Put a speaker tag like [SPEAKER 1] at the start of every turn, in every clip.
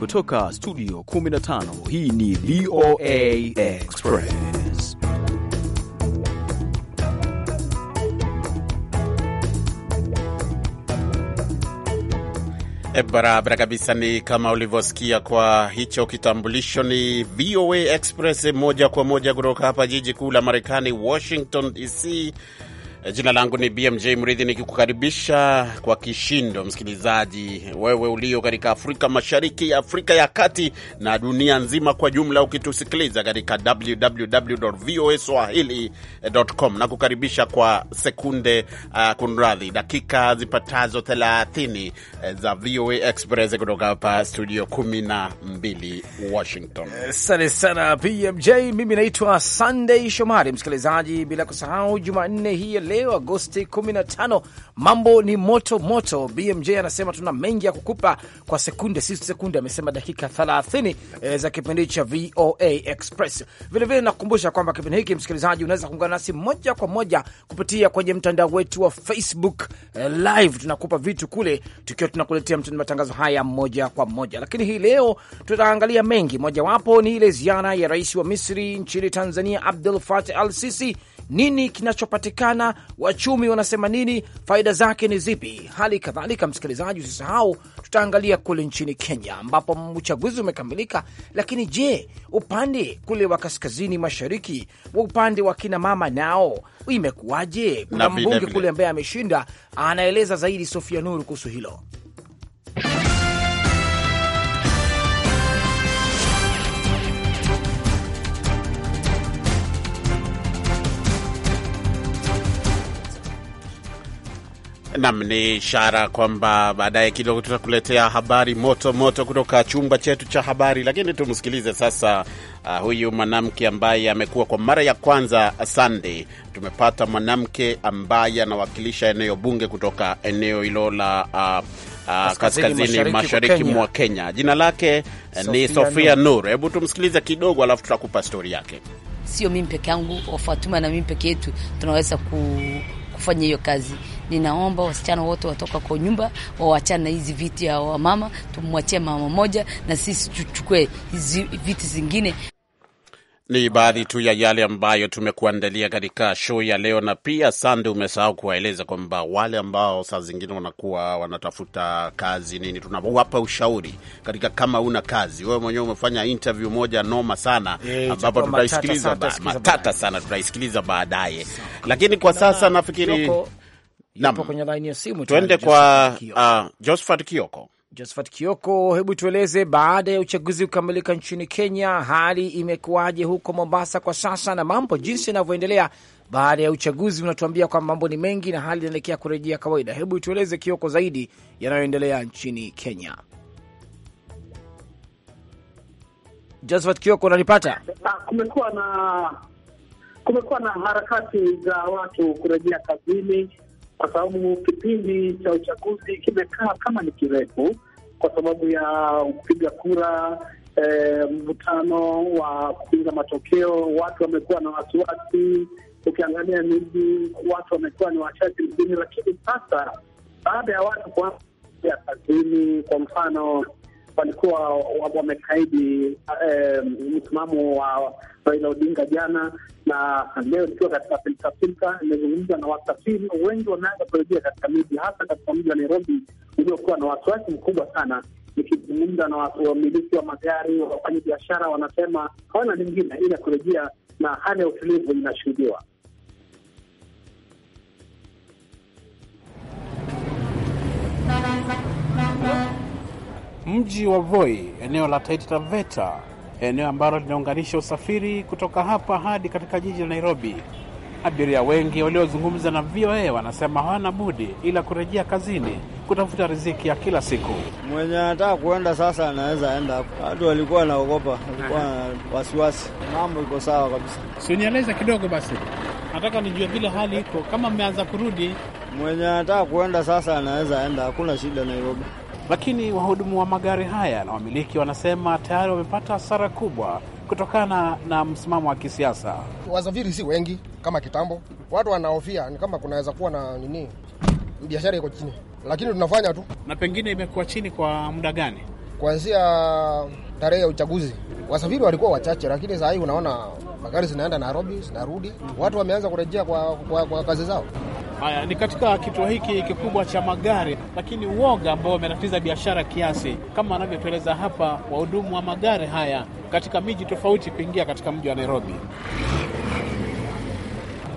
[SPEAKER 1] kutoka studio 15 hii ni VOA Express.
[SPEAKER 2] E, barabara kabisa. Ni kama ulivyosikia kwa hicho kitambulisho, ni VOA Express moja kwa moja kutoka hapa jiji kuu la Marekani, Washington DC Eh, jina langu ni BMJ Mridhi, nikikukaribisha kwa kishindo, msikilizaji, wewe ulio katika Afrika Mashariki, Afrika ya Kati na dunia nzima kwa jumla, ukitusikiliza katika www voa swahili.com na kukaribisha kwa sekunde uh, kunradhi, dakika zipatazo 30 eh, za VOA Express kutoka hapa studio 12 Washington.
[SPEAKER 3] Asante sana BMJ. Mimi naitwa Sunday Shomari, msikilizaji, bila kusahau Jumanne hii leo Agosti 15. Mambo ni moto moto. BMJ anasema tuna mengi ya kukupa kwa sekunde, si sekunde, amesema dakika 30 eh, za kipindi cha VOA Express. Vilevile nakukumbusha kwamba kipindi hiki, msikilizaji, unaweza kuungana nasi moja kwa moja kupitia kwenye mtandao wetu wa Facebook e, live. Tunakupa vitu kule tukiwa tunakuletea matangazo haya moja kwa moja, lakini hii leo tutaangalia mengi, mojawapo ni ile ziara ya rais wa Misri nchini Tanzania Abdul Fatah al Sisi nini kinachopatikana, wachumi wanasema nini, faida zake ni zipi? Hali kadhalika, msikilizaji, usisahau tutaangalia kule nchini Kenya ambapo uchaguzi umekamilika, lakini je, upande kule wa kaskazini mashariki wa upande wa kina mama nao imekuwaje? Kuna mbunge kule ambaye ameshinda, anaeleza zaidi Sofia Nuru kuhusu hilo.
[SPEAKER 2] Nam, ni ishara kwamba baadaye kidogo tutakuletea habari moto moto kutoka chumba chetu cha habari, lakini tumsikilize sasa. Uh, huyu mwanamke ambaye amekuwa kwa mara ya kwanza Sunday, tumepata mwanamke ambaye anawakilisha eneo bunge kutoka eneo hilo la uh, uh, kaskazini mashariki, mashariki mwa Kenya. Jina lake Sofia uh, ni Sofia Nur. Hebu tumsikilize kidogo, alafu tutakupa stori yake.
[SPEAKER 4] Sio mimi peke yangu, Fatuma na mimi peke yetu tunaweza kufanya hiyo kazi Ninaomba wasichana wote watoka kwa nyumba wawachane na hizi viti ya wamama, tumwachie mama moja na sisi tuchukue hizi viti zingine.
[SPEAKER 2] Ni baadhi tu ya yale ambayo tumekuandalia katika show ya leo, na pia Sande, umesahau kuwaeleza kwamba wale ambao saa zingine wanakuwa wanatafuta kazi nini, tunawapa ushauri katika, kama una kazi wewe mwenyewe umefanya interview moja noma sana, eh, ambapo tutaisikiliza matata sana, tutaisikiliza baadaye, lakini kwa sasa nafikiri
[SPEAKER 3] yupo kwenye laini ya simu. Tuende kwa
[SPEAKER 2] ah, Josephat Kioko.
[SPEAKER 3] Josephat Kioko, hebu tueleze, baada ya uchaguzi kukamilika nchini Kenya, hali imekuwaje huko Mombasa kwa sasa na mambo jinsi yanavyoendelea baada ya uchaguzi? Unatuambia kwamba mambo ni mengi na hali inaelekea kurejea kawaida. Hebu tueleze Kioko zaidi yanayoendelea nchini Kenya. Josephat Kioko, unanipata?
[SPEAKER 1] Kumekuwa na kumekuwa na harakati
[SPEAKER 5] za watu kurejea kazini kwa sababu kipindi cha uchaguzi kimekaa kama ni kirefu kwa sababu ya kupiga kura, eh, mvutano wa kupinga matokeo. Watu wamekuwa na wasiwasi, ukiangalia miji, watu wamekuwa ni wachache mjini, lakini sasa baada ya watu kuanza kazini, kwa mfano walikuwa wamekaidi eh, msimamo wa Raila Odinga jana na leo nikiwa katika pilikapilika, nimezungumza na wasafiri wengi, wameanza kurejea katika miji, hasa katika mji wa Nairobi uliokuwa na wasiwasi mkubwa sana. Nikizungumza na wamiliki wa magari, wafanya biashara, wanasema hawana lingine ila kurejea, na hali ya utulivu inashuhudiwa.
[SPEAKER 6] Mji wa Voi, eneo la Taita Taveta eneo ambalo linaunganisha usafiri kutoka hapa hadi katika jiji la Nairobi. Abiria wengi waliozungumza na VOA wanasema hawana budi ila kurejea kazini kutafuta riziki ya kila siku. Mwenye anataka kuenda sasa anaweza enda hapo. Watu walikuwa naogopa walikuwa na wasiwasi. Mambo iko sawa kabisa. Sinieleza kidogo basi, nataka nijue vile hali iko, kama mmeanza kurudi. Mwenye anataka kuenda sasa anaweza enda, hakuna shida Nairobi lakini wahudumu wa magari haya na wamiliki wanasema tayari wamepata hasara kubwa kutokana na msimamo wa kisiasa.
[SPEAKER 2] Wasafiri si wengi kama kitambo,
[SPEAKER 3] watu wanahofia ni kama kunaweza kuwa na nini, biashara iko chini, lakini tunafanya tu.
[SPEAKER 6] Na pengine imekuwa chini kwa muda gani?
[SPEAKER 3] Kuanzia tarehe ya uchaguzi wasafiri walikuwa wachache, lakini saa hii unaona magari zinaenda Nairobi, zinarudi, watu wameanza kurejea kwa, kwa, kwa kazi zao.
[SPEAKER 6] Haya, ni katika kituo hiki kikubwa cha magari, lakini uoga ambao umetatiza biashara kiasi, kama anavyotueleza hapa wahudumu wa magari haya katika miji tofauti kuingia katika mji wa Nairobi.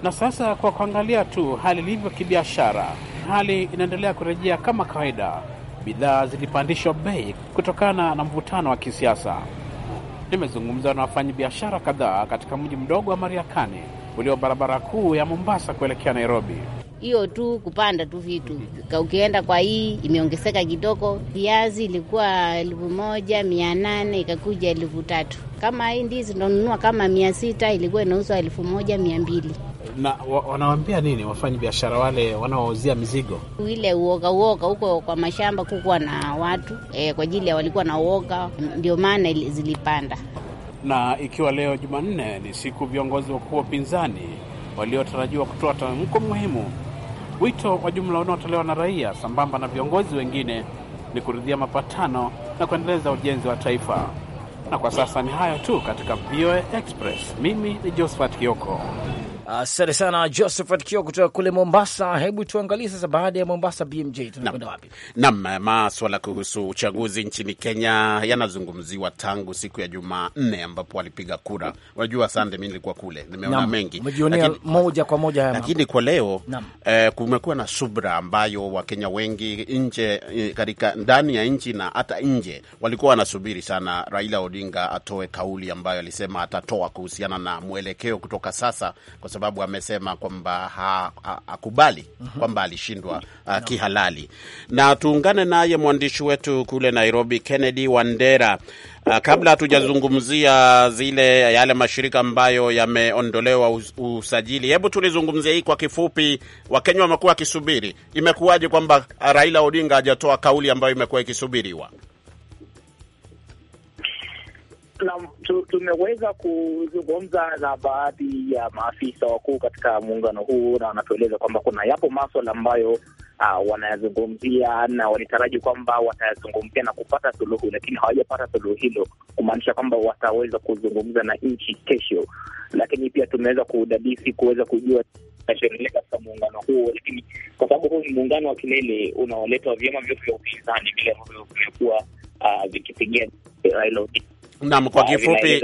[SPEAKER 6] Na sasa kwa kuangalia tu hali ilivyo kibiashara, hali inaendelea kurejea kama kawaida. Bidhaa zilipandishwa bei kutokana na mvutano wa kisiasa. Nimezungumza na wafanyabiashara kadhaa katika mji mdogo wa Mariakani ulio barabara kuu ya Mombasa kuelekea Nairobi
[SPEAKER 4] hiyo tu kupanda tu vitu. Ukienda kwa hii imeongezeka kidogo, viazi ilikuwa elfu moja mia nane ikakuja elfu tatu kama hii ndizi ndanunua kama mia sita ilikuwa inauzwa elfu moja mia mbili
[SPEAKER 6] na wanawambia nini wafanya biashara wale wanaouzia mizigo?
[SPEAKER 4] Ile uoga uoga huko kwa mashamba kukuwa na watu e, kwa ajili ya walikuwa na uoga, ndio maana zilipanda.
[SPEAKER 6] Na ikiwa leo Jumanne ni siku viongozi wakuu wa upinzani waliotarajiwa kutoa tamko muhimu Wito wa jumla unaotolewa na raia sambamba na viongozi wengine ni kuridhia mapatano na kuendeleza ujenzi wa taifa. Na kwa sasa ni hayo
[SPEAKER 3] tu katika VOA Express. Mimi ni Josephat Kioko. Asante sana Josephat Kio kutoka kule Mombasa. Hebu tuangalie sasa, baada ya Mombasa BMJ tunakwenda wapi?
[SPEAKER 2] Naam, maswala kuhusu uchaguzi nchini Kenya yanazungumziwa tangu siku ya Jumanne ambapo walipiga kura. Unajua sande, mi nilikuwa kule, nimeona mengi, umejionea
[SPEAKER 3] moja kwa moja lakini
[SPEAKER 2] kwa leo eh, kumekuwa na subra ambayo Wakenya wengi nje eh, katika ndani ya nchi na hata nje walikuwa wanasubiri sana Raila Odinga atoe kauli ambayo alisema atatoa kuhusiana na mwelekeo kutoka sasa kwa sababu amesema kwamba hakubali ha, mhm. kwamba alishindwa uh, kihalali. Na tuungane naye mwandishi wetu kule Nairobi, Kennedy Wandera. Uh, kabla hatujazungumzia zile yale mashirika ambayo yameondolewa usajili, hebu tulizungumzia hii kwa kifupi. Wakenya wamekuwa wakisubiri, imekuwaje kwamba Raila Odinga hajatoa kauli ambayo imekuwa ikisubiriwa?
[SPEAKER 1] Naam,
[SPEAKER 5] tu, tumeweza kuzungumza na baadhi ya maafisa wakuu katika muungano huu na wanatueleza kwamba kuna yapo maswala ambayo uh, wanayazungumzia na walitaraji kwamba watayazungumzia na kupata suluhu, lakini hawajapata suluhu hilo, kumaanisha kwamba wataweza kuzungumza na nchi kesho. Lakini pia tumeweza kudadisi kuweza kujua katika muungano huo, lakini kwa sababu huu ni muungano wa kilele unaoletwa vyama vyote vya upinzani vile ambavyo vimekuwa ah, vikipigia Raila eh, Odinga
[SPEAKER 2] Naam, kwa kifupi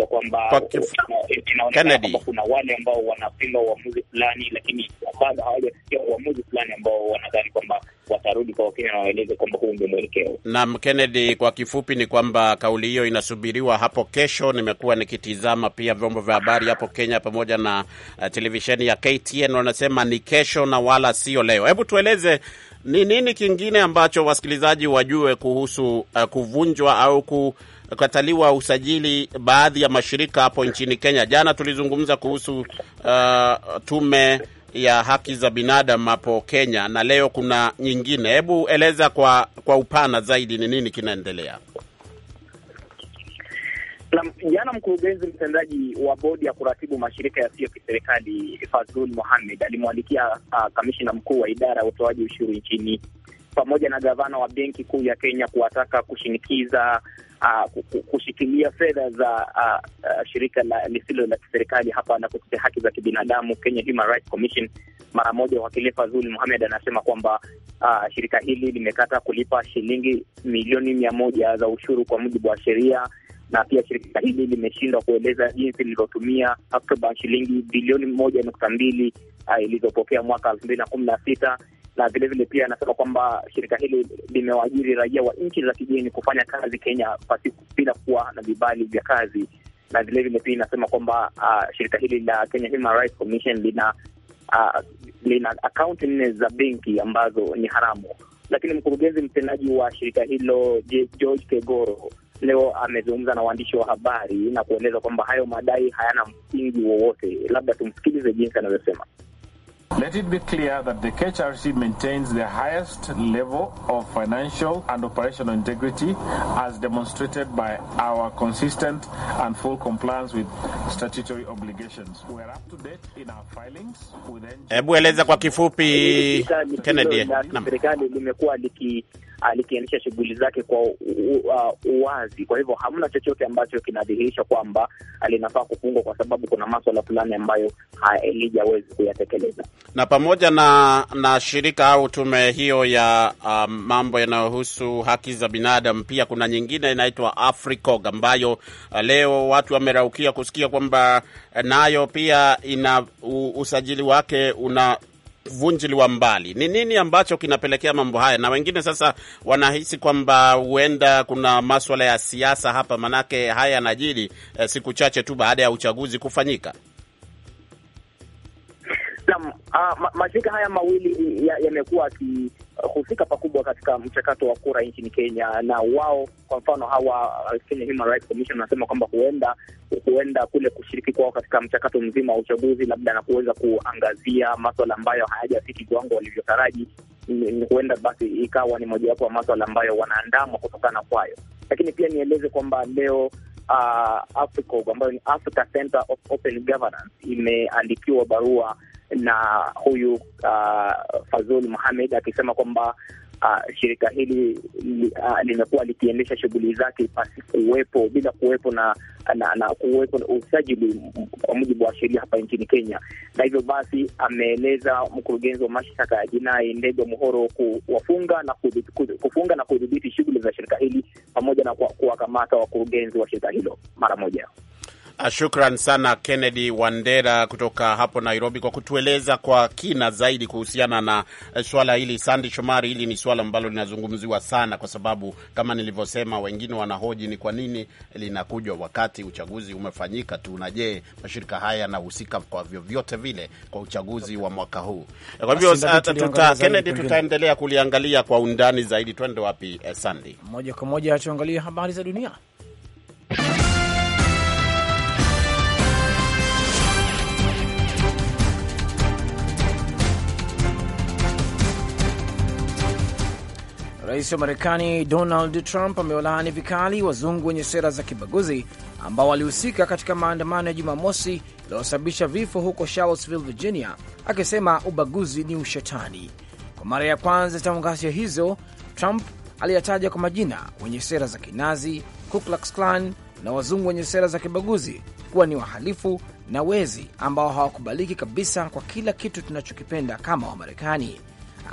[SPEAKER 2] kwa kifupi,
[SPEAKER 5] Kennedy, kuna wale ambao wanapinga uamuzi fulani, lakini bado hawajafikia uamuzi fulani ambao wanadhani kwamba watarudi kwa Wakenya na waeleze kwamba huu ndio
[SPEAKER 2] mwelekeo. Naam, Kennedy, kwa kifupi ni kwamba kauli hiyo inasubiriwa hapo kesho. Nimekuwa nikitizama pia vyombo vya habari hapo Kenya pamoja na uh, televisheni ya KTN wanasema ni kesho na wala sio leo. Hebu tueleze ni nini kingine ambacho wasikilizaji wajue kuhusu uh, kuvunjwa au ku uh, kukataliwa usajili baadhi ya mashirika hapo nchini Kenya. Jana tulizungumza kuhusu uh, tume ya haki za binadamu hapo Kenya, na leo kuna nyingine. Hebu eleza kwa, kwa upana zaidi ni nini kinaendelea?
[SPEAKER 5] Jana mkurugenzi mtendaji wa bodi ya kuratibu mashirika yasiyo kiserikali Fazlul Mohamed alimwandikia uh, kamishina mkuu wa idara ya utoaji ushuru nchini pamoja na gavana wa benki kuu ya Kenya kuwataka kushinikiza uh, kushikilia fedha za uh, uh, shirika la lisilo la kiserikali hapa la kutetea haki za kibinadamu Kenya Human Rights Commission. Mara moja wakili Fazul Muhamed anasema kwamba uh, shirika hili limekata kulipa shilingi milioni mia moja za ushuru kwa mujibu wa sheria na pia shirika hili limeshindwa kueleza jinsi lilivyotumia takriban shilingi bilioni moja nukta mbili uh, ilizopokea mwaka elfu mbili na kumi na sita na vilevile pia anasema kwamba shirika hili limewaajiri raia wa nchi za kigeni kufanya kazi Kenya bila kuwa na vibali vya kazi, na vilevile pia inasema kwamba uh, shirika hili la Kenya Human Rights Commission lina uh, lina akaunti nne za benki ambazo ni haramu. Lakini mkurugenzi mtendaji wa shirika hilo George Kegoro leo amezungumza na waandishi wa habari na kueleza kwamba hayo madai hayana msingi wowote. Labda tumsikilize jinsi anavyosema.
[SPEAKER 1] Let it be clear that the KHRC maintains the highest level of financial and operational integrity as demonstrated by our consistent and full compliance with statutory obligations. We are up to date in our filings. Hebu
[SPEAKER 5] eleza
[SPEAKER 2] kwa kifupi
[SPEAKER 5] Kennedy. Serikali limekuwa liki Ah, likiendesha shughuli zake kwa ah, uwazi. Kwa hivyo hamna chochote ambacho kinadhihirisha kwamba ah, linafaa kufungwa kwa sababu kuna maswala fulani ambayo halijawezi kuyatekeleza.
[SPEAKER 2] Na pamoja na na shirika au tume hiyo ya um, mambo yanayohusu haki za binadamu, pia kuna nyingine inaitwa Africog ambayo uh, leo watu wameraukia kusikia kwamba eh, nayo pia ina u, usajili wake una wa mbali. Ni nini ambacho kinapelekea mambo haya? Na wengine sasa wanahisi kwamba huenda kuna maswala ya siasa hapa, manake haya yanajiri eh, siku chache tu baada ya uchaguzi kufanyika.
[SPEAKER 5] Naam, ah, mashirika haya mawili yamekuwa ya yakihusika uh, pakubwa katika mchakato wa kura nchini Kenya, na wao kwa mfano hawa Kenya uh, Human Rights Commission wanasema kwamba huenda huenda kule kushiriki kwao katika mchakato mzima wa uchaguzi labda na kuweza kuangazia maswala ambayo hayajafiki kiwango walivyotaraji, huenda basi ikawa ni mojawapo wa maswala ambayo wanaandamwa kutokana kwayo. Lakini pia nieleze kwamba leo uh, AFCOG ambayo ni Africa Center of Open Governance imeandikiwa barua na huyu uh, Fazul Muhamed akisema kwamba uh, shirika hili uh, limekuwa likiendesha shughuli zake pasi kuwepo bila kuwepo na na, na kuwepo na usajili kwa mujibu wa sheria hapa nchini Kenya, na hivyo basi ameeleza mkurugenzi wa mashtaka ya jinai Ndegwa Muhoro kuwafunga na kufunga na kudhibiti shughuli za shirika hili pamoja na kuwakamata wakurugenzi wa shirika hilo mara moja.
[SPEAKER 2] Ah, shukran sana Kennedy Wandera kutoka hapo Nairobi kwa kutueleza kwa kina zaidi kuhusiana na eh, swala hili. Sandi Shomari, hili ni swala ambalo linazungumziwa sana, kwa sababu kama nilivyosema, wengine wanahoji ni kwa nini linakujwa wakati uchaguzi umefanyika tu, na je, mashirika haya yanahusika kwa vyovyote vile kwa uchaguzi wa mwaka huu? Eh, kwa hivyo ah, tuta, Kennedy, tutaendelea kuliangalia kwa undani zaidi. Twende wapi? Eh, Sandi,
[SPEAKER 3] moja kwa moja tuangalie habari za dunia. Rais wa Marekani Donald Trump amewalaani vikali wazungu wenye sera za kibaguzi ambao walihusika katika maandamano ya Jumamosi yaliyosababisha vifo huko Charlottesville, Virginia, akisema ubaguzi ni ushetani. Kwa mara ya kwanza tangu ghasia hizo, Trump aliyataja kwa majina wenye sera za kinazi, Ku Klux Klan na wazungu wenye sera za kibaguzi kuwa ni wahalifu na wezi ambao hawakubaliki kabisa kwa kila kitu tunachokipenda kama Wamarekani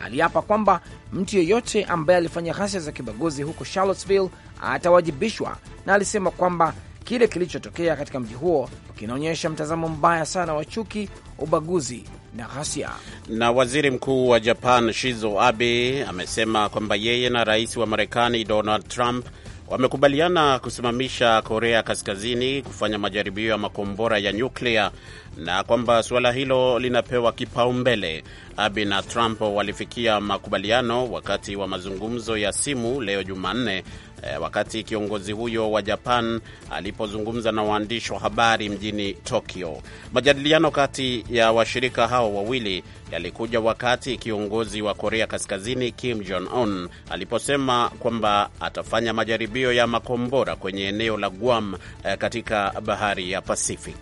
[SPEAKER 3] aliapa kwamba mtu yeyote ambaye alifanya ghasia za kibaguzi huko Charlottesville atawajibishwa, na alisema kwamba kile kilichotokea katika mji huo kinaonyesha mtazamo mbaya sana wa chuki, ubaguzi na ghasia.
[SPEAKER 2] Na waziri mkuu wa Japan Shizo Abe amesema kwamba yeye na rais wa Marekani Donald Trump wamekubaliana kusimamisha Korea Kaskazini kufanya majaribio ya makombora ya nyuklia na kwamba suala hilo linapewa kipaumbele. Abi na Trump walifikia makubaliano wakati wa mazungumzo ya simu leo Jumanne, eh, wakati kiongozi huyo wa Japan alipozungumza na waandishi wa habari mjini Tokyo. Majadiliano kati ya washirika hao wawili yalikuja wakati kiongozi wa Korea Kaskazini Kim Jong Un aliposema kwamba atafanya majaribio ya makombora kwenye eneo la Guam eh, katika bahari ya Pacific.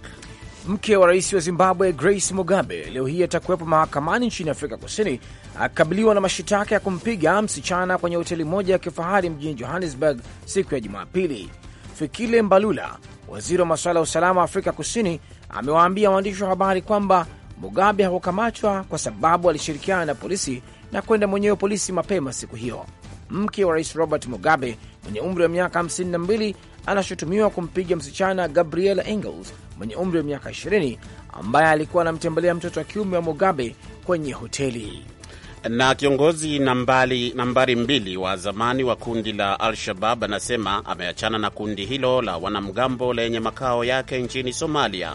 [SPEAKER 3] Mke wa rais wa Zimbabwe Grace Mugabe leo hii atakuwepo mahakamani nchini Afrika Kusini akikabiliwa na mashitaka ya kumpiga msichana kwenye hoteli moja ya kifahari mjini Johannesburg siku ya Jumapili. Fikile Mbalula, waziri wa masuala ya usalama wa Afrika Kusini, amewaambia waandishi wa habari kwamba Mugabe hakukamatwa kwa sababu alishirikiana na polisi na kwenda mwenyewe polisi mapema siku hiyo. Mke wa rais Robert Mugabe mwenye umri wa miaka 52 anashutumiwa kumpiga msichana Gabriela Engels mwenye umri wa miaka 20 ambaye alikuwa anamtembelea mtoto wa kiume wa Mugabe
[SPEAKER 2] kwenye hoteli. Na kiongozi nambari, nambari mbili wa zamani wa kundi la Al-Shabab anasema ameachana na kundi hilo la wanamgambo lenye makao yake nchini Somalia.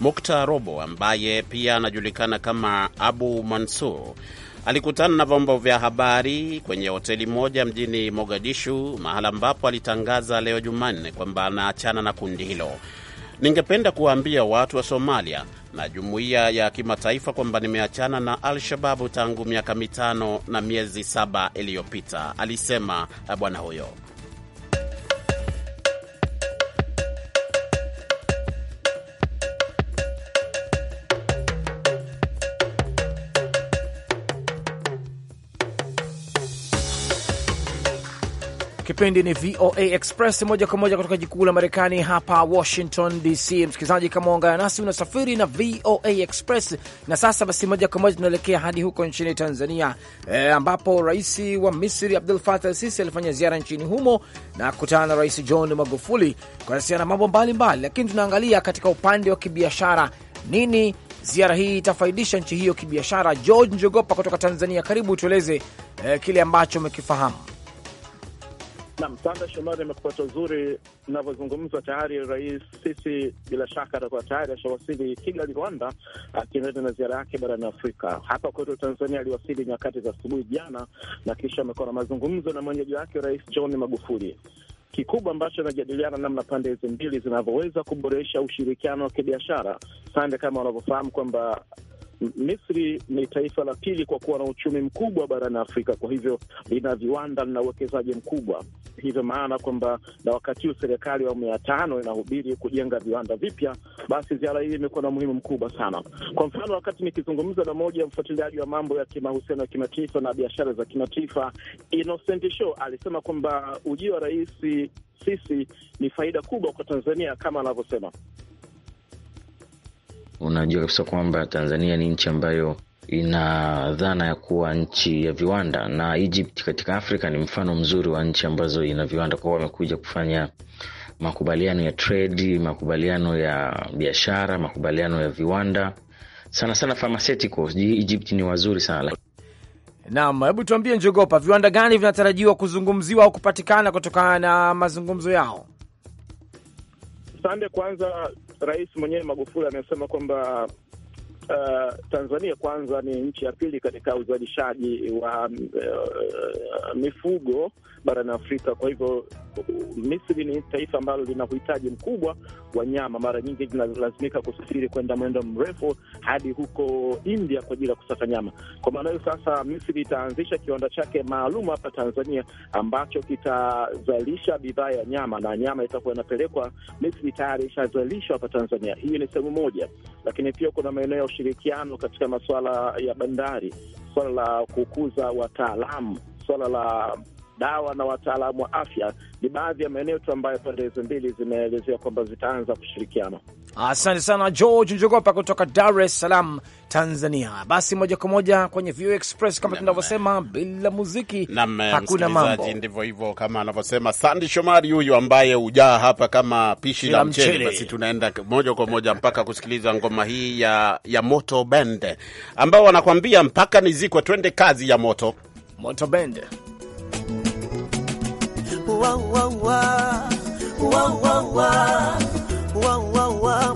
[SPEAKER 2] Mukta Robo ambaye pia anajulikana kama Abu Mansur alikutana na vyombo vya habari kwenye hoteli moja mjini Mogadishu, mahala ambapo alitangaza leo Jumanne kwamba anaachana na kundi hilo. Ningependa kuwaambia watu wa Somalia na jumuiya ya kimataifa kwamba nimeachana na Al-Shababu tangu miaka mitano na miezi saba iliyopita, alisema bwana huyo.
[SPEAKER 3] Kipindi ni VOA Express moja kwa moja kutoka jikuu la Marekani hapa Washington DC. Msikilizaji, kama ungana nasi unasafiri na VOA Express. Na sasa basi, moja kwa moja tunaelekea hadi huko nchini Tanzania e, ambapo rais wa Misri Abdul Fattah Sisi alifanya ziara nchini humo na kukutana na Rais John Magufuli kuhusiana na mambo mbalimbali, lakini tunaangalia katika upande wa kibiashara nini ziara hii itafaidisha nchi hiyo kibiashara. George Njogopa kutoka Tanzania, karibu tueleze e, kile ambacho umekifahamu.
[SPEAKER 1] Naam, sanda Shomari, amekupata uzuri navyozungumzwa. Tayari Rais Sisi bila shaka atakuwa tayari ashawasili Kigali, Rwanda, akiendelea na ziara yake barani Afrika. Hapa kwetu Tanzania aliwasili nyakati za asubuhi jana, na kisha amekuwa na mazungumzo na mwenyeji wake Rais John Magufuli. Kikubwa ambacho anajadiliana namna pande hizi mbili zinavyoweza kuboresha ushirikiano wa kibiashara. Sande, kama wanavyofahamu kwamba Misri ni taifa la pili kwa kuwa na uchumi mkubwa barani Afrika, kwa hivyo lina viwanda, lina uwekezaji mkubwa. Hivyo maana kwamba na wakati huu serikali ya awamu ya tano inahubiri kujenga viwanda vipya, basi ziara hii imekuwa na umuhimu mkubwa sana. Kwa mfano, wakati nikizungumza na moja ya mfuatiliaji wa mambo ya kimahusiano ya kimataifa na biashara za kimataifa, Innocent Show alisema kwamba ujio wa Rais Sisi ni faida kubwa kwa Tanzania kama anavyosema
[SPEAKER 3] Unajua kabisa kwamba Tanzania ni nchi ambayo ina dhana ya kuwa nchi ya viwanda, na Egypt katika Afrika ni mfano mzuri wa nchi ambazo ina viwanda. Kwao wamekuja kufanya makubaliano ya trade, makubaliano ya biashara, makubaliano ya viwanda, sana sana pharmaceuticals. Egypt ni
[SPEAKER 7] wazuri sana.
[SPEAKER 3] Naam, hebu tuambie Njogopa, viwanda gani vinatarajiwa kuzungumziwa au kupatikana kutokana na mazungumzo yao?
[SPEAKER 1] Sande, kwanza Rais mwenyewe Magufuli amesema kwamba Uh, Tanzania kwanza ni nchi ya pili katika uzalishaji wa uh, mifugo barani Afrika. Kwa hivyo Misri ni taifa ambalo lina uhitaji mkubwa wa nyama, mara nyingi linalazimika kusafiri kwenda mwendo mrefu hadi huko India kwa ajili ya kusaka nyama. Kwa maana hiyo sasa, Misri itaanzisha kiwanda chake maalum hapa Tanzania ambacho kitazalisha bidhaa ya nyama na nyama itakuwa inapelekwa Misri, tayari ishazalishwa hapa Tanzania. Hiyo ni sehemu moja, lakini pia kuna maeneo ya ushirikiano katika masuala ya bandari, suala la kukuza wataalamu, suala la dawa na wataalamu wa afya. Ni baadhi ya maeneo tu ambayo pande hizo mbili zimeelezea kwamba zitaanza kushirikiana.
[SPEAKER 3] Asante sana George Njogopa kutoka Dar es Salaam, Tanzania. Basi moja kwa moja kwenye VOA Express kama tunavyosema, bila muziki
[SPEAKER 2] hakuna mambo. Ndivyo hivyo kama anavyosema Sandi Shomari huyu ambaye hujaa hapa kama pishi la mchele. Basi tunaenda moja kwa moja mpaka kusikiliza ngoma hii ya, ya Moto Bende ambao wanakwambia mpaka nizikwe, twende kazi ya moto Moto Bende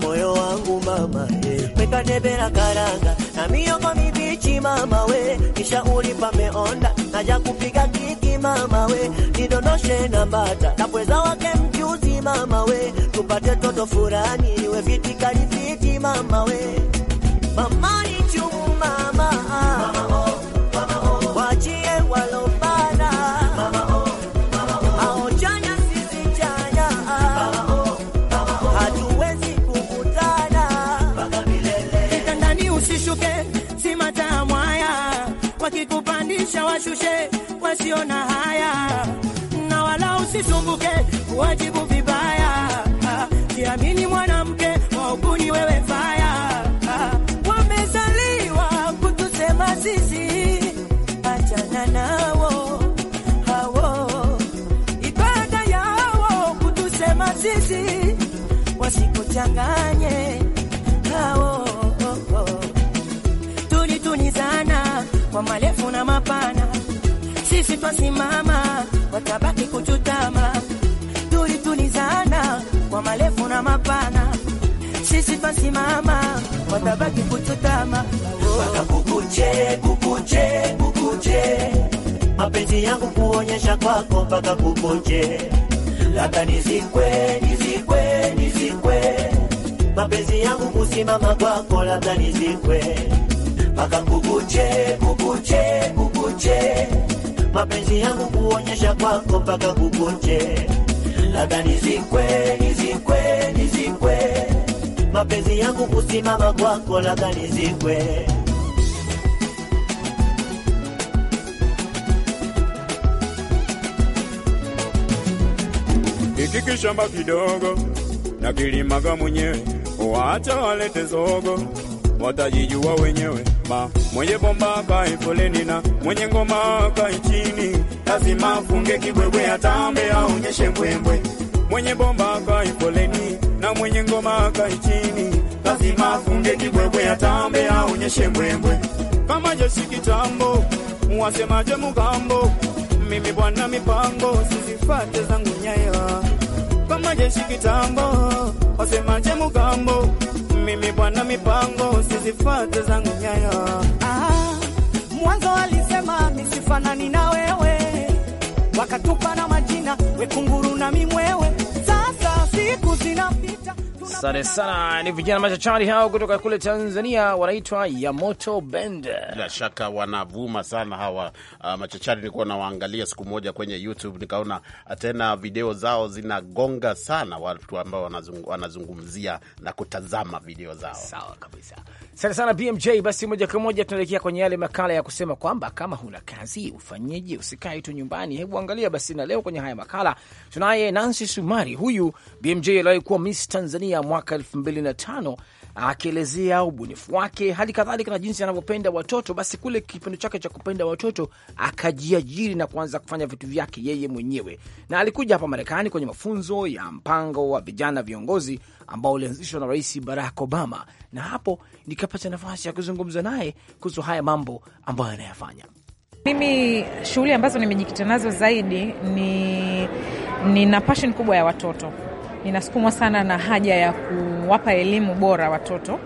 [SPEAKER 7] moyo wangu mama, weka debe karanga na mioko mibichi mama we, kisha ulipa meonda naja kupiga kiki mama we, nidondoshe na mbata napweza wake mchuzi mama we, tupate toto furani we vitikali mama we, mama ni chuma mama kisha washushe wasio na haya, na wala usisumbuke wajibu vibaya. Siamini mwanamke wauguni wewe faya, wamezaliwa kutusema sisi, achana nao hawo ibada yao kutusema sisi, wasikuchanganye kwa marefu na mapana, sisi twasimama, watabaki kuchutama. Tulitulizana kwa marefu na mapana, sisi twasimama, watabaki kuchutama. Paka kukuche, kukuche, kukuche, mapenzi yangu kuonyesha kwako, paka kukuche, labda nizikwe, nizikwe, nizikwe, mapenzi yangu kusimama kwako, labda nizikwe mpaka nguguje nguguje nguguje, mapenzi yangu kuonyesha kwako mpaka nguguje, labda nizikwe nizikwe nizikwe, mapenzi yangu kusimama kwako, labda nizikwe
[SPEAKER 6] Hiki kishamba kidogo na kilimaga mwenyewe, waacha walete zogo watajijua wenyewe. Ma mwenye bomba kae foleni na mwenye ngoma kae chini, lazima afunge kibwebwe,
[SPEAKER 7] atambe aonyeshe mbwembwe. Mwenye bomba kae foleni na mwenye ngoma kae chini, lazima afunge kibwebwe, atambe aonyeshe mbwembwe. Kama jeshi kitambo, wasemaje mugambo? Mimi bwana mipango, sizifate zangu nyayo. Kama jeshi kitambo, wasemaje mugambo? mimi bwana, mipango usizifate zangu nyayo. Ah, mwanzo alisema misifanani na wewe, wakatupa na majina, wekunguru na mimwewe
[SPEAKER 3] Asante sana, ni vijana machachari hao kutoka kule Tanzania, wanaitwa Yamoto Band.
[SPEAKER 2] Bila shaka wanavuma sana hawa uh, machachari. Nilikuwa nawaangalia siku moja kwenye YouTube nikaona uh, tena video zao zinagonga sana, watu ambao wanazungumzia na kutazama video zao. Sawa kabisa. Asante sana BMJ. Basi moja kwa moja tunaelekea kwenye yale
[SPEAKER 3] makala ya kusema kwamba kama huna kazi ufanyeje? Usikae tu nyumbani, hebu angalia basi. Na leo kwenye haya makala tunaye Nancy Sumari. Huyu BMJ aliwahi kuwa Miss Tanzania mwaka elfu mbili na tano akielezea ubunifu wake, hali kadhalika na jinsi anavyopenda watoto. Basi kule kipindo chake cha kupenda watoto akajiajiri na kuanza kufanya vitu vyake yeye mwenyewe, na alikuja hapa Marekani kwenye mafunzo ya mpango wa vijana viongozi ambao ulianzishwa na Rais Barack Obama, na hapo nikapata nafasi ya kuzungumza naye kuhusu haya mambo ambayo anayafanya.
[SPEAKER 8] Mimi shughuli ambazo nimejikita nazo zaidi ni nina passion kubwa ya watoto, ninasukumwa sana na haja ya ku kuwapa elimu bora watoto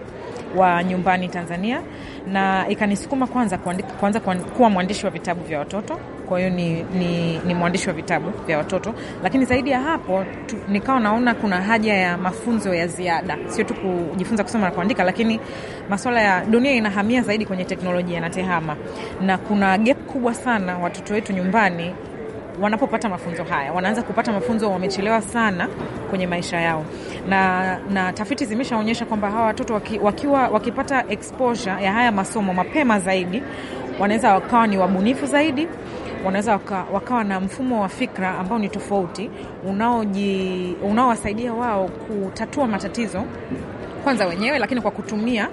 [SPEAKER 8] wa nyumbani Tanzania, na ikanisukuma kwanza kuandika, kwanza kuwa mwandishi wa vitabu vya watoto. Kwa hiyo ni, ni, ni mwandishi wa vitabu vya watoto, lakini zaidi ya hapo tu, nikawa naona kuna haja ya mafunzo ya ziada, sio tu kujifunza kusoma na kuandika, lakini masuala ya dunia inahamia zaidi kwenye teknolojia na tehama, na kuna gap kubwa sana watoto wetu nyumbani wanapopata mafunzo haya, wanaanza kupata mafunzo wamechelewa sana kwenye maisha yao, na, na tafiti zimeshaonyesha kwamba hawa watoto waki, wakiwa wakipata exposure ya haya masomo mapema zaidi, wanaweza wakawa ni wabunifu zaidi wanaweza waka, wakawa na mfumo wa fikra ambao ni tofauti unaowasaidia wao kutatua matatizo kwanza wenyewe, lakini kwa kutumia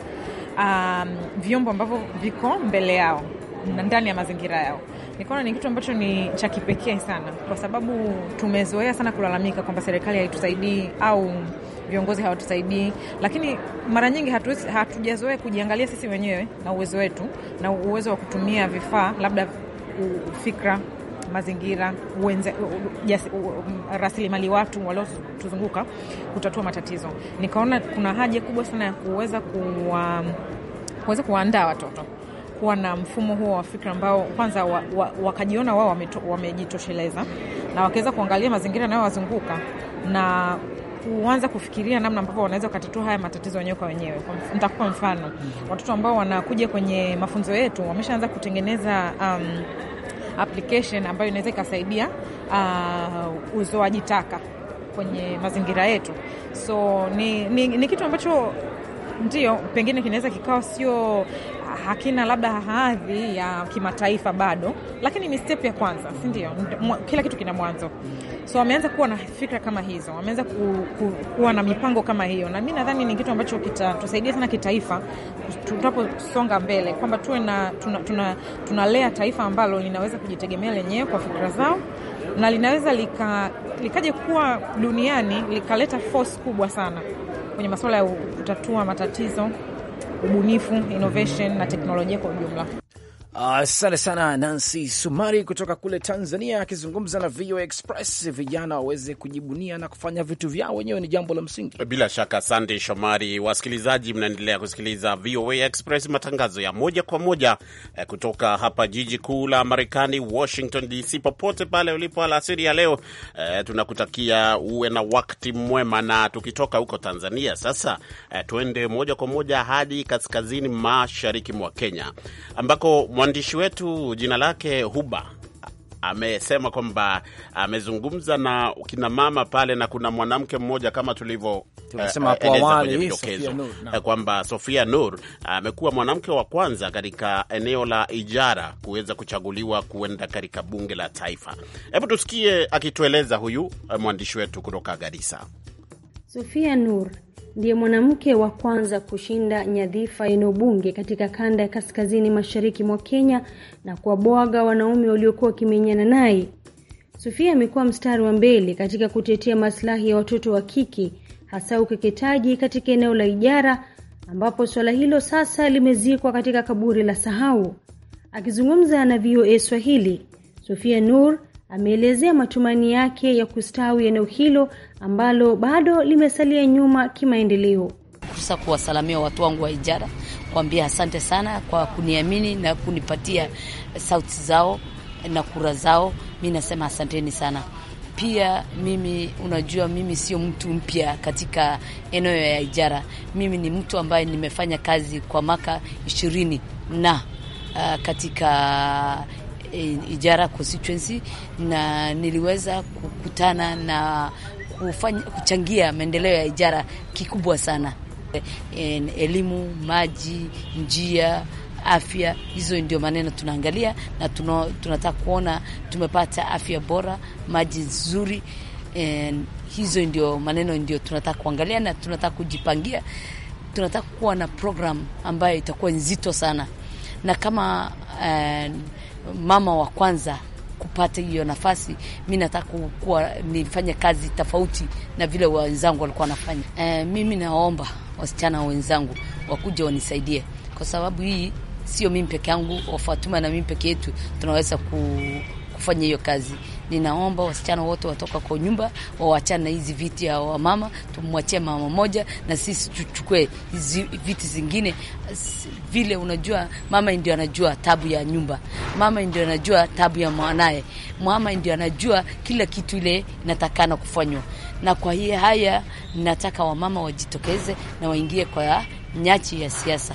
[SPEAKER 8] um, vyombo ambavyo viko mbele yao na ndani ya mazingira yao nikaona ni kitu ambacho ni cha kipekee sana, kwa sababu tumezoea sana kulalamika kwamba serikali haitusaidii au viongozi hawatusaidii, lakini mara nyingi hatujazoea kujiangalia sisi wenyewe na uwezo wetu na uwezo wa kutumia vifaa, labda fikra, mazingira, rasilimali watu waliotuzunguka kutatua matatizo. Nikaona kuna haja kubwa sana ya kuweza kuweza kuwaandaa watoto kuwa na mfumo huo wa fikra ambao kwanza wa, wa, wakajiona wao wamejitosheleza na wakaweza kuangalia mazingira yanayowazunguka na kuanza kufikiria namna ambavyo wanaweza kutatua haya matatizo wenyewe kwa wenyewe. Nitakupa mfano, watoto ambao wanakuja kwenye mafunzo yetu wameshaanza kutengeneza um, application ambayo inaweza ikasaidia uh, uzoaji taka kwenye mazingira yetu. So ni, ni, ni kitu ambacho ndio pengine kinaweza kikawa sio hakina labda hadhi ya kimataifa bado, lakini ni step ya kwanza, si ndio? Kila kitu kina mwanzo. So wameanza kuwa na fikra kama hizo, wameanza ku, ku, kuwa na mipango kama hiyo, na mi nadhani ni kitu ambacho kitatusaidia sana kitaifa tunaposonga mbele, kwamba tuwe na tunalea tuna, tuna taifa ambalo linaweza kujitegemea lenyewe kwa fikra zao na linaweza lika, likaje kuwa duniani likaleta force kubwa sana kwenye masuala ya kutatua matatizo ubunifu, innovation na teknolojia kwa ujumla.
[SPEAKER 3] Asante uh, sana Nancy Sumari kutoka kule Tanzania akizungumza na VOA Express. Vijana waweze kujibunia na kufanya vitu vyao wenyewe, ni jambo la msingi
[SPEAKER 2] bila shaka. Asante Shomari. Wasikilizaji, mnaendelea kusikiliza VOA Express, matangazo ya moja kwa moja eh, kutoka hapa jiji kuu la Marekani, Washington DC. Popote pale ulipo alasiri ya leo eh, tunakutakia uwe na wakati mwema, na tukitoka huko Tanzania sasa eh, tuende moja kwa moja hadi kaskazini mashariki mwa Kenya ambako mwandishi wetu jina lake Huba amesema kwamba amezungumza na kina mama pale na kuna mwanamke mmoja kama tulivyo tunasema kwa eh, awali eh, kwamba Sofia Nur eh, amekuwa mwanamke wa kwanza katika eneo la Ijara kuweza kuchaguliwa kuenda katika bunge la taifa. Hebu tusikie akitueleza huyu mwandishi wetu kutoka Garissa.
[SPEAKER 4] Sofia Nur ndiye mwanamke wa kwanza kushinda nyadhifa ya ubunge katika kanda ya kaskazini mashariki mwa Kenya na kuwabwaga wanaume waliokuwa wakimenyana naye. Sufia amekuwa mstari wa mbele katika kutetea maslahi ya watoto wa kike, hasa ukeketaji katika eneo la Ijara, ambapo suala hilo sasa limezikwa katika kaburi la sahau. Akizungumza na VOA Swahili, Sufia Nur ameelezea matumaini yake ya kustawi eneo hilo ambalo bado limesalia nyuma kimaendeleo. Fursa kuwasalamia watu wangu wa Ijara, kuambia asante sana kwa kuniamini na kunipatia sauti zao na kura zao. Mi nasema asanteni sana. Pia mimi, unajua, mimi sio mtu mpya katika eneo ya Ijara. Mimi ni mtu ambaye nimefanya kazi kwa maka ishirini na uh, katika Ijara constituency na niliweza kukutana na kufanya, kuchangia maendeleo ya Ijara kikubwa sana en, elimu, maji, njia afya. Hizo ndio maneno tunaangalia na tuno, tunataka kuona tumepata afya bora, maji nzuri. Hizo ndio maneno ndio tunataka kuangalia na tunataka kujipangia. Tunataka kuwa na program ambayo itakuwa nzito sana na kama uh, mama wa kwanza kupata hiyo nafasi. Mi nataka kuwa nifanye kazi tofauti na vile wenzangu walikuwa wanafanya. E, mimi naomba wasichana wenzangu wakuja wanisaidie, kwa sababu hii sio mimi peke yangu, Wafatuma na mimi peke yetu tunaweza kufanya hiyo kazi. Ninaomba wasichana wote watoka kwa nyumba wawachana hizi viti ya wamama, tumwachie mama moja, na sisi tuchukue hizi viti zingine. Vile unajua mama ndio anajua tabu ya nyumba, mama ndio anajua tabu ya mwanaye, mama ndio anajua kila kitu ile inatakana kufanywa. Na kwa hiyo haya, nataka wamama wajitokeze na waingie kwa nyachi ya siasa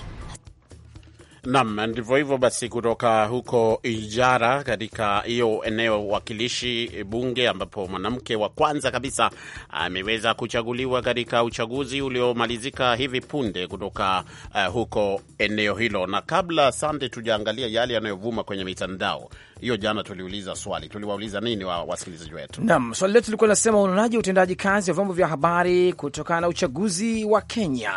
[SPEAKER 2] nam ndivyo hivyo basi, kutoka huko Ijara katika hiyo eneo wakilishi bunge, ambapo mwanamke wa kwanza kabisa ameweza kuchaguliwa katika uchaguzi uliomalizika hivi punde kutoka uh, huko eneo hilo. Na kabla sande, tujaangalia yale yanayovuma kwenye mitandao hiyo jana tuliuliza swali, tuliwauliza nini wa wasikilizaji wetu? Naam,
[SPEAKER 3] swali letu lilikuwa linasema unaonaje utendaji kazi wa vyombo vya habari kutokana na uchaguzi wa Kenya,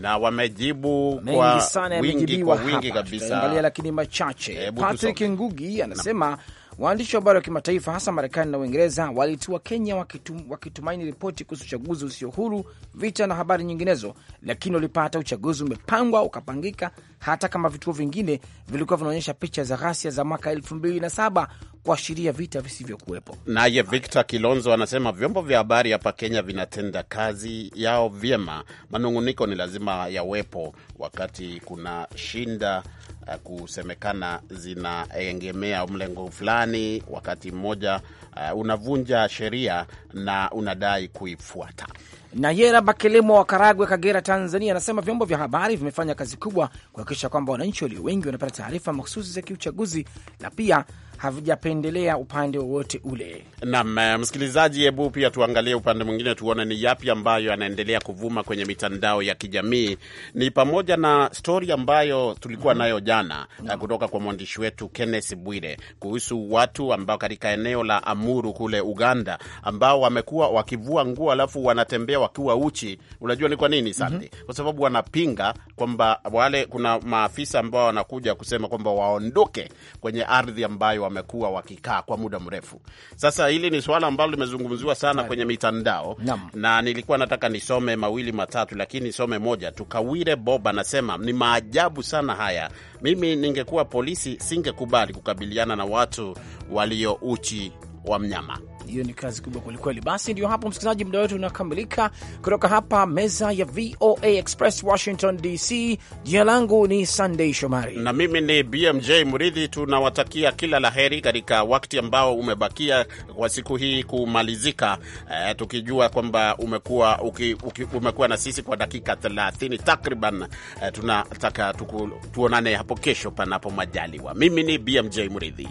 [SPEAKER 2] na wamejibu kwa wingi, kwa wingi kabisa,
[SPEAKER 3] lakini machache. Patrick Ngugi anasema na Waandishi wa habari wa kimataifa hasa Marekani na Uingereza walitua Kenya wakitum, wakitumaini ripoti kuhusu uchaguzi usio huru, vita na habari nyinginezo, lakini walipata uchaguzi umepangwa ukapangika, hata kama vituo vingine vilikuwa vinaonyesha picha za ghasia za mwaka elfu mbili na saba kuashiria vita visivyokuwepo.
[SPEAKER 2] Naye Victor Kilonzo anasema vyombo vya habari hapa Kenya vinatenda kazi yao vyema, manung'uniko ni lazima yawepo wakati kuna shinda Eh, kusemekana zinaegemea mlengo fulani, wakati mmoja eh, unavunja sheria na unadai kuifuata. Na Yera Bakelemo wa Karagwe, Kagera,
[SPEAKER 3] Tanzania, anasema vyombo vya habari vimefanya kazi kubwa kuhakikisha kwamba wananchi walio wengi wanapata taarifa mahususi za kiuchaguzi na pia havijapendelea upande wowote ule.
[SPEAKER 2] Naam eh, msikilizaji, hebu pia tuangalie upande mwingine, tuone ni yapi ambayo yanaendelea kuvuma kwenye mitandao ya kijamii. Ni pamoja na stori ambayo tulikuwa mm -hmm. nayo jana mm -hmm. kutoka kwa mwandishi wetu Kenneth Bwire kuhusu watu ambao katika eneo la Amuru kule Uganda ambao wamekuwa wakivua nguo alafu wanatembea wakiwa uchi. Unajua ni kwa nini mhm. Sande? mm -hmm. Kwa sababu wanapinga kwamba wale kuna maafisa ambao wanakuja kusema kwamba waondoke kwenye ardhi ambayo wamekuwa wakikaa kwa muda mrefu. Sasa hili ni swala ambalo limezungumziwa sana kwenye mitandao Nam. na nilikuwa nataka nisome mawili matatu, lakini nisome moja tukawire Bob anasema ni maajabu sana haya. Mimi ningekuwa polisi singekubali kukabiliana na watu walio uchi wa mnyama
[SPEAKER 3] hiyo ni kazi kubwa kwelikweli. Basi ndio hapo, msikilizaji, muda wetu unakamilika kutoka hapa meza ya VOA Express Washington DC. Jina langu ni Sandei Shomari
[SPEAKER 2] na mimi ni BMJ Muridhi. Tunawatakia kila la heri katika wakati ambao umebakia kwa siku hii kumalizika, eh, tukijua kwamba umekuwa uki, uki, umekuwa na sisi kwa dakika 30 takriban. Eh, tunataka tuonane hapo kesho, panapo majaliwa. Mimi ni BMJ Muridhi.